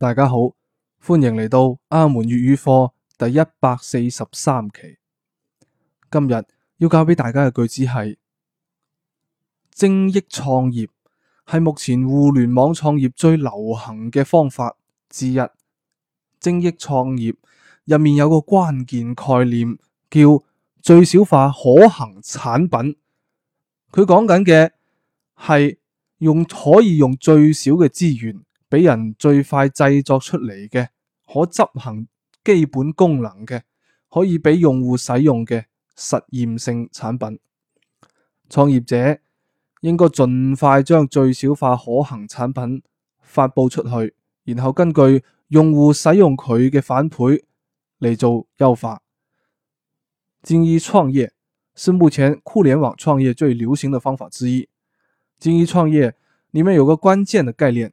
大家好，歡迎嚟到阿門粵語課第一百四十三期。今日要教俾大家嘅句子係：精益創業係目前互聯網創業最流行嘅方法之一。精益創業入面有個關鍵概念叫最小化可行產品，佢講緊嘅係用可以用最少嘅資源。俾人最快製作出嚟嘅可執行基本功能嘅，可以俾用戶使用嘅實驗性產品。創業者應該盡快將最小化可行產品發佈出去，然後根據用戶使用佢嘅反饋嚟做優化。精益創業是目前互聯網創業最流行嘅方法之一。精益創業裏面有個關鍵嘅概念。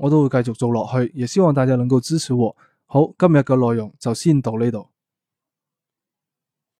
我都會繼續做落去，也希望大家能夠支持我。好，今日嘅內容就先到呢度。